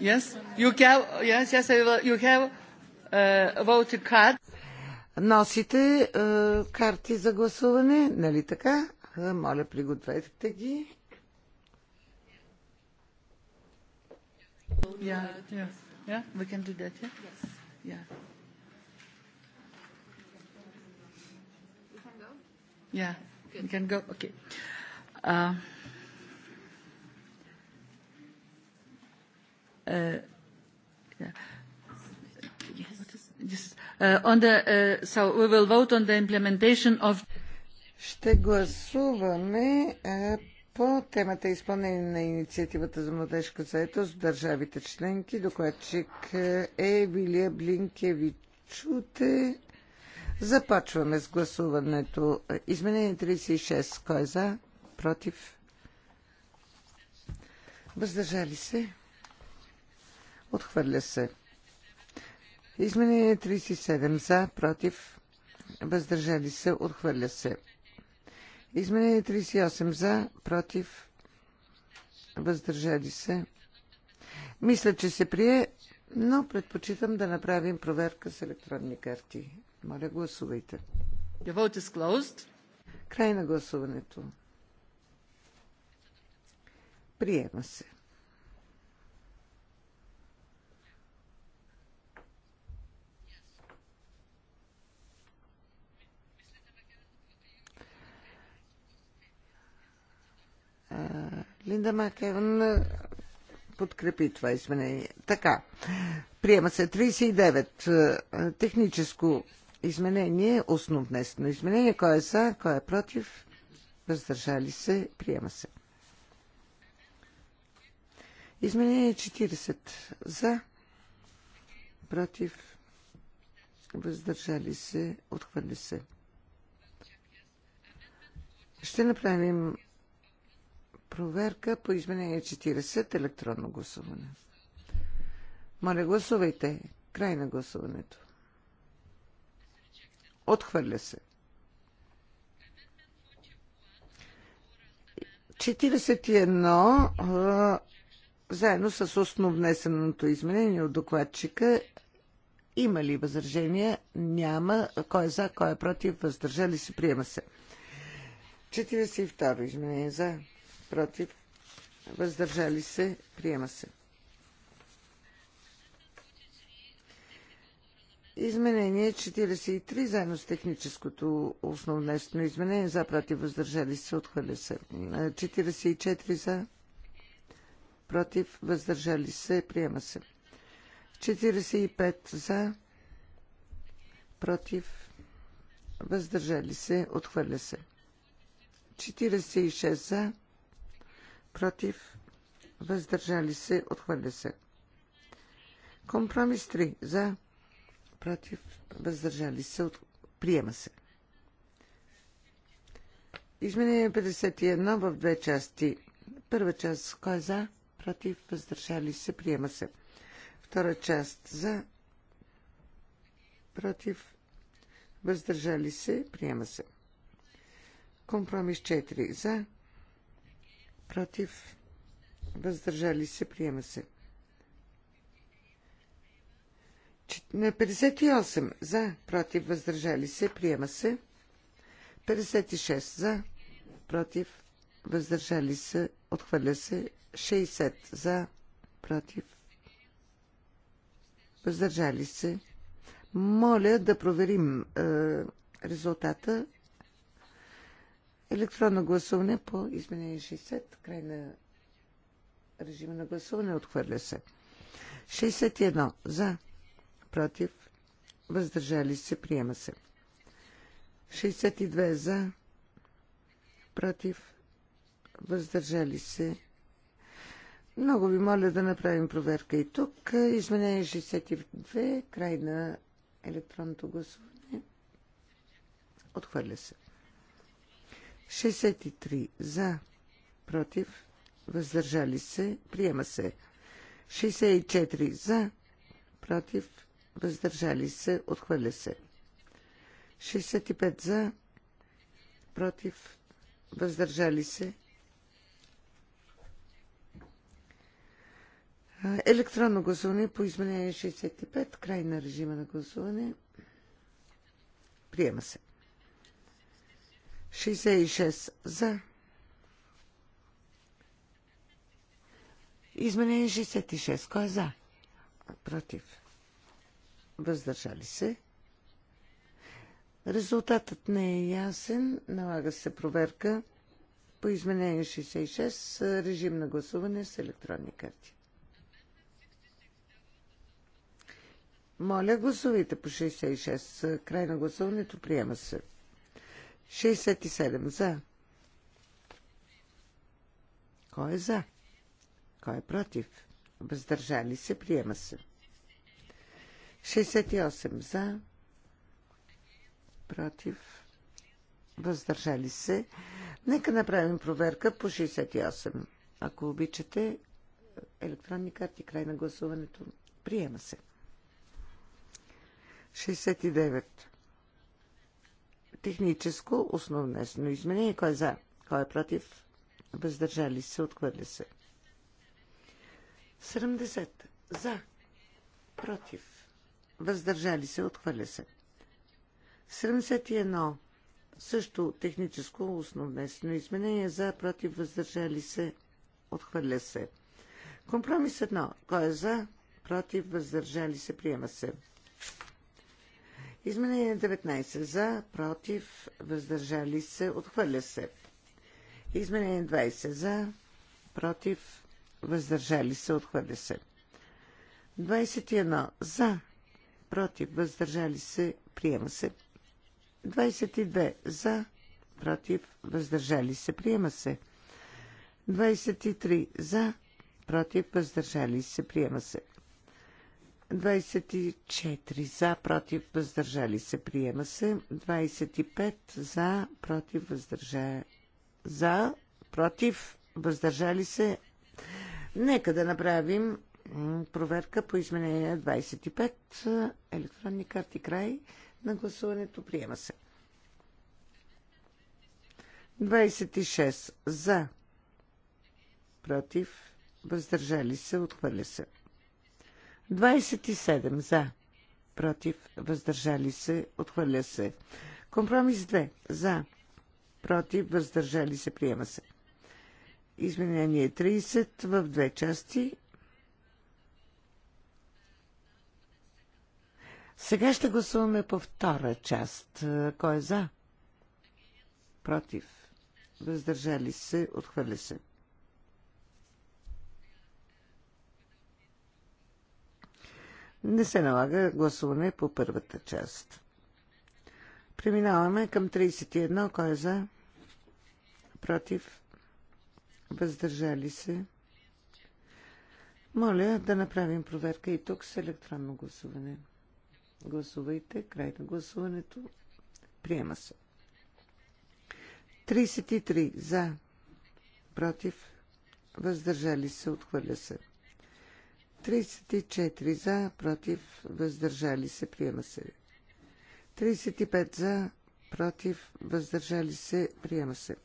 Yes, you have, yes, yes, you have uh, voted card. Носите uh, карти за гласуване, нали така? Моля, пригответете ги. Yeah, yeah, yeah, we can do that, yeah? Yes. Yeah. You can go. Yeah, we can go, okay. Uh, Uh, uh, uh, ще гласуваме е, по темата изпълнение на инициативата за младежка заетост в държавите членки. Докладчик е, е Вилия Блинкевичуте. Започваме с гласуването. Изменение 36. Кой е за? Против? Въздържали се? Отхвърля се. Изменение 37 за, против, въздържали се, отхвърля се. Изменение 38 за, против, въздържали се. Мисля, че се прие, но предпочитам да направим проверка с електронни карти. Моля, гласувайте. vote is closed. Край на гласуването. Приема се. Линда подкрепи това изменение. Така, приема се 39 техническо изменение, основно внесено изменение. Кой е за, кой е против? Въздържали се, приема се. Изменение 40 за, против, въздържали се, отхвърли се. Ще направим Проверка по изменение 40, електронно гласуване. Моля, гласувайте. Край на гласуването. Отхвърля се. 41 заедно с основнесеното изменение от докладчика има ли възражения? Няма. Кой е за, кой е против? Въздържали се? Приема се. 42 изменение за против, въздържали се, приема се. Изменение 43, заедно с техническото основнестно изменение, за против, въздържали се, отхвърля се. 44 за, против, въздържали се, приема се. 45 за, против, въздържали се, отхвърля се. 46 за, против, въздържали се, отхвърля се. Компромис 3 за, против, въздържали се, от... приема се. Изменение 51 в две части. Първа част, кой е за, против, въздържали се, приема се. Втора част, за, против, въздържали се, приема се. Компромис 4 за, против, въздържали се, приема се. 58 за, против, въздържали се, приема се. 56 за, против, въздържали се, отхвърля се. 60 за, против, въздържали се. Моля да проверим е, резултата Електронно гласуване по изменение 60. Край на режима на гласуване. Отхвърля се. 61. За. Против. Въздържали се. Приема се. 62. За. Против. Въздържали се. Много ви моля да направим проверка и тук. Изменение 62. Край на електронното гласуване. Отхвърля се. 63 за, против, въздържали се, приема се. 64 за, против, въздържали се, отхвърля се. 65 за, против, въздържали се. Електронно гласуване по изменение 65, край на режима на гласуване. Приема се. 66 за. Изменение 66. Кой е за? Против. Въздържали се. Резултатът не е ясен. Налага се проверка по изменение 66. Режим на гласуване с електронни карти. Моля, гласувайте по 66. Край на гласуването приема се. 67 за. Кой е за? Кой е против? Въздържали се, приема се. 68 за. Против. Въздържали се. Нека направим проверка по 68. Ако обичате, електронни карти, край на гласуването. Приема се. 69 техническо основнесно изменение. Кой е за? Кой е против? Въздържали се, отхвърля се. 70. За. Против. Въздържали се, отхвърля се. 71. Също техническо основнесно изменение. За. Против. Въздържали се, отхвърля се. Компромис 1. Кой е за? Против. Въздържали се, приема се. Изменение 19 за, против, въздържали се, отхвърля се. Изменение 20 за, против, въздържали се, отхвърля се. 21 за, против, въздържали се, приема се. 22 за, против, въздържали се, приема се. 23 за, против, въздържали се, приема се. 24 за, против, въздържали се, приема се. 25 за, против, въздържали за, против, въздържали се. Нека да направим проверка по изменение 25. Електронни карти край на гласуването приема се. 26 за, против, въздържали се, отхвърля се. 27 за, против, въздържали се, отхвърля се. Компромис 2 за, против, въздържали се, приема се. Изменение 30 в две части. Сега ще гласуваме по втора част. Кой е за? Против. Въздържали се, отхвърля се. не се налага гласуване по първата част. Преминаваме към 31. Кой е за? Против? Въздържали се? Моля да направим проверка и тук с електронно гласуване. Гласувайте. Край на гласуването. Приема се. 33. За. Против. Въздържали се. Отхвърля се. 34 за, против, въздържали се, приема се. 35 за, против, въздържали се, приема се.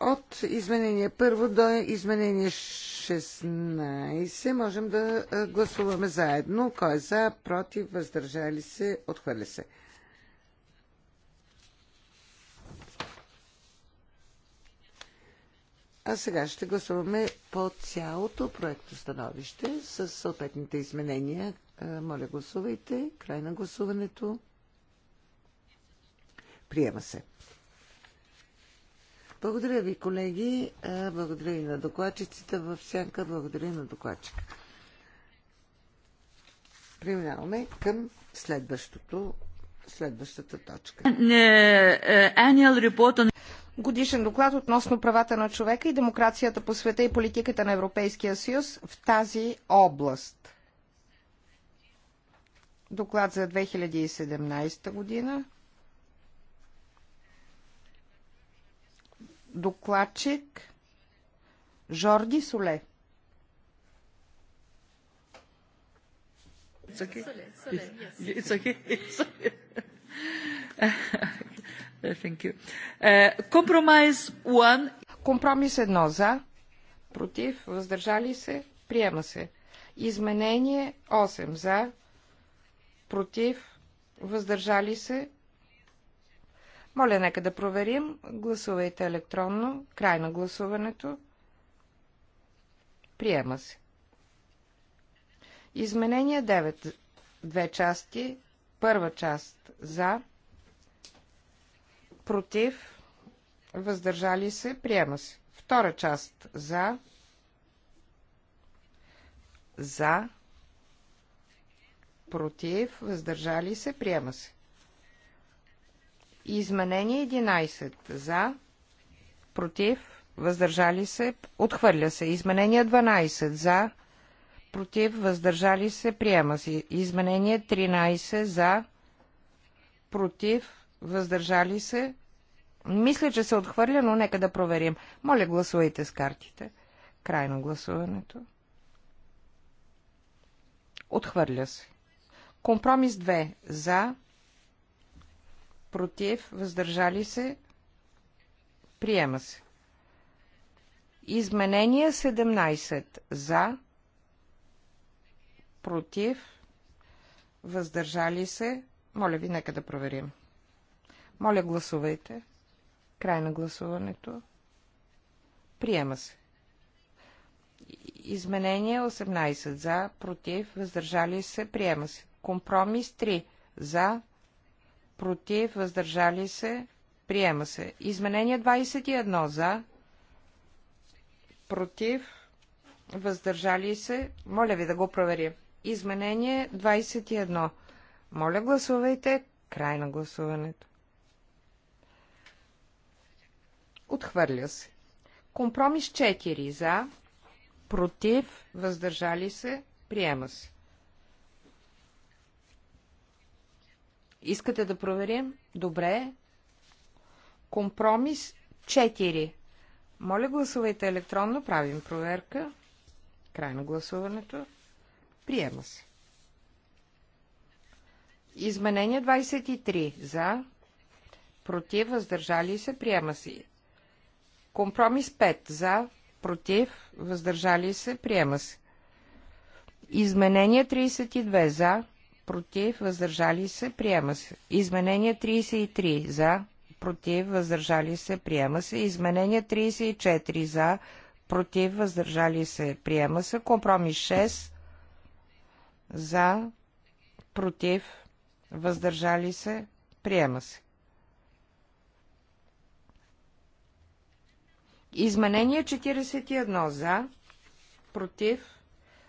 От изменение първо до изменение 16 можем да гласуваме заедно. Кой е за, против, въздържали се, отхвърля се. А сега ще гласуваме по цялото проекто становище с съответните изменения. Моля, гласувайте. Край на гласуването. Приема се. Благодаря ви, колеги. Благодаря и на докладчиците в сянка. Благодаря и на докладчика. Преминаваме към следващото, следващата точка. Е, е, е, annual report on годишен доклад относно правата на човека и демокрацията по света и политиката на Европейския съюз в тази област. Доклад за 2017 година. Докладчик Жорди Соле. It's okay. It's okay. It's okay. Uh, thank you. Uh, Компромис едно за, против, въздържали се, приема се. Изменение 8 за, против, въздържали се. Моля, нека да проверим. Гласувайте електронно. Край на гласуването. Приема се. Изменение 9. Две части. Първа част за, против, въздържали се, приема се. Втора част за, за, против, въздържали се, приема се. Изменение 11 за, против, въздържали се, отхвърля се. Изменение 12 за, против, въздържали се, приема се. Изменение 13 за, против, въздържали се. Мисля, че се отхвърля, но нека да проверим. Моля, гласувайте с картите. Край на гласуването. Отхвърля се. Компромис 2. За. Против. Въздържали се. Приема се. Изменение 17. За. Против. Въздържали се. Моля ви, нека да проверим. Моля, гласувайте. Край на гласуването. Приема се. Изменение 18 за, против, въздържали се, приема се. Компромис 3 за, против, въздържали се, приема се. Изменение 21 за, против, въздържали се, моля ви да го проверим. Изменение 21. Моля гласувайте, край на гласуването. Отхвърля се. Компромис 4 за, против, въздържали се, приема се. Искате да проверим? Добре. Компромис 4. Моля гласувайте електронно, правим проверка. Край на гласуването. Приема се. Изменение 23. За. Против. Въздържали се. Приема се. Компромис 5 за, против, въздържали се, приема се. Изменение 32 за, против, въздържали се, приема се. Изменение 33 за, против, въздържали се, приема се. Изменение 34 за, против, въздържали се, приема се. Компромис 6 за, против, въздържали се, приема се. Изменение 41 за, против,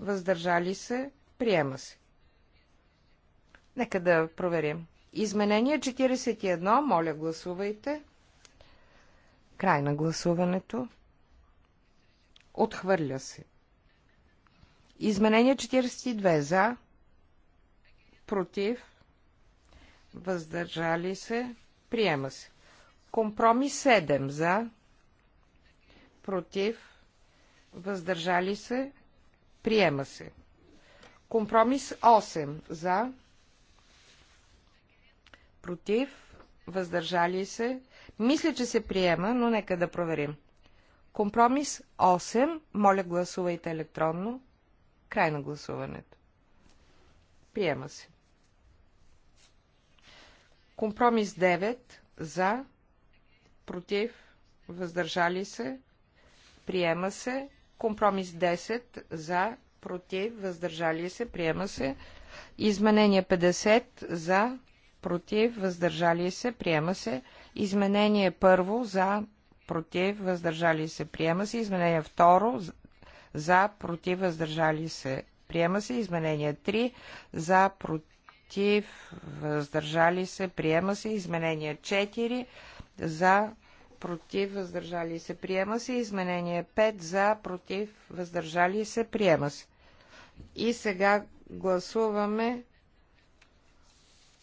въздържали се, приема се. Нека да проверим. Изменение 41, моля гласувайте. Край на гласуването. Отхвърля се. Изменение 42 за, против, въздържали се, приема се. Компромис 7 за, против, въздържали се, приема се. Компромис 8 за, против, въздържали се. Мисля, че се приема, но нека да проверим. Компромис 8. Моля, гласувайте електронно. Край на гласуването. Приема се. Компромис 9. За. Против. Въздържали се приема се. Компромис 10 за, против, въздържали се, приема се. Изменение 50 за, против, въздържали се, приема се. Изменение първо за, против, въздържали се, приема се. Изменение второ за, против, въздържали се, приема се. Изменение 3 за, против, въздържали се, приема се. Изменение 4 за, против, въздържали се, приема се. Изменение 5 за, против, въздържали се, приема се. И сега гласуваме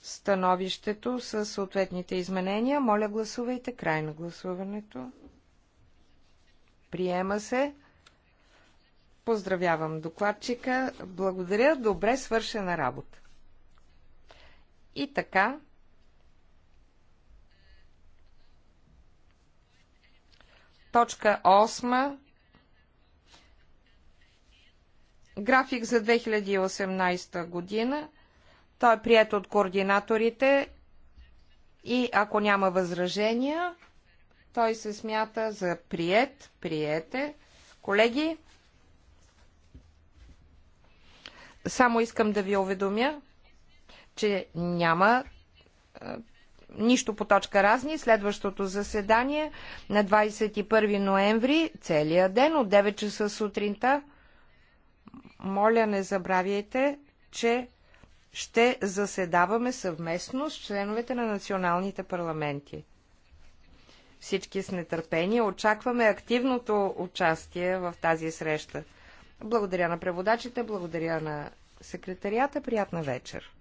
становището с съответните изменения. Моля, гласувайте край на гласуването. Приема се. Поздравявам докладчика. Благодаря. Добре свършена работа. И така, Точка 8. График за 2018 година. Той е прият от координаторите и ако няма възражения, той се смята за прият, приете. Колеги, само искам да ви уведомя, че няма нищо по точка разни. Следващото заседание на 21 ноември, целия ден, от 9 часа сутринта. Моля, не забравяйте, че ще заседаваме съвместно с членовете на националните парламенти. Всички с нетърпение очакваме активното участие в тази среща. Благодаря на преводачите, благодаря на секретарията. Приятна вечер!